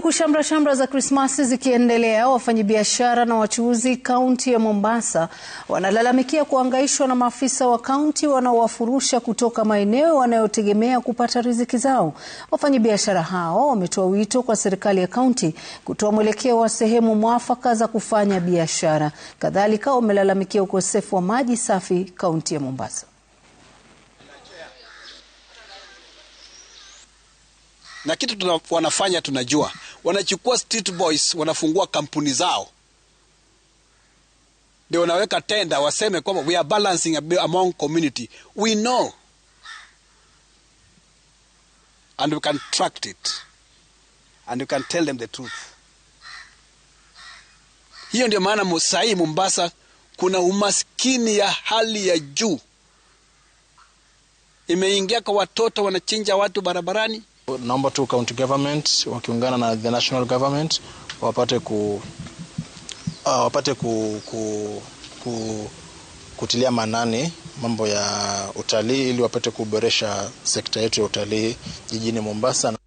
Huku shamra shamra za Krismasi zikiendelea, wafanyabiashara na wachuuzi kaunti ya Mombasa wanalalamikia kuangaishwa na maafisa wa kaunti wanaowafurusha kutoka maeneo wanayotegemea kupata riziki zao. Wafanyabiashara hao wametoa wito kwa serikali ya kaunti kutoa mwelekeo wa sehemu mwafaka za kufanya biashara. Kadhalika, wamelalamikia ukosefu wa maji safi kaunti ya Mombasa. na kitu tuna, wanafanya tunajua wanachukua street boys wanafungua kampuni zao ndio wanaweka tenda waseme kwamba we are balancing among community we know and we can tract it and we can tell them the truth hiyo ndio maana sahii mombasa kuna umaskini ya hali ya juu imeingia kwa watoto wanachinja watu barabarani naomba tu county government wakiungana na the national government wapate ku uh, wapate ku, ku, ku, kutilia manani mambo ya utalii ili wapate kuboresha sekta yetu ya utalii jijini Mombasa.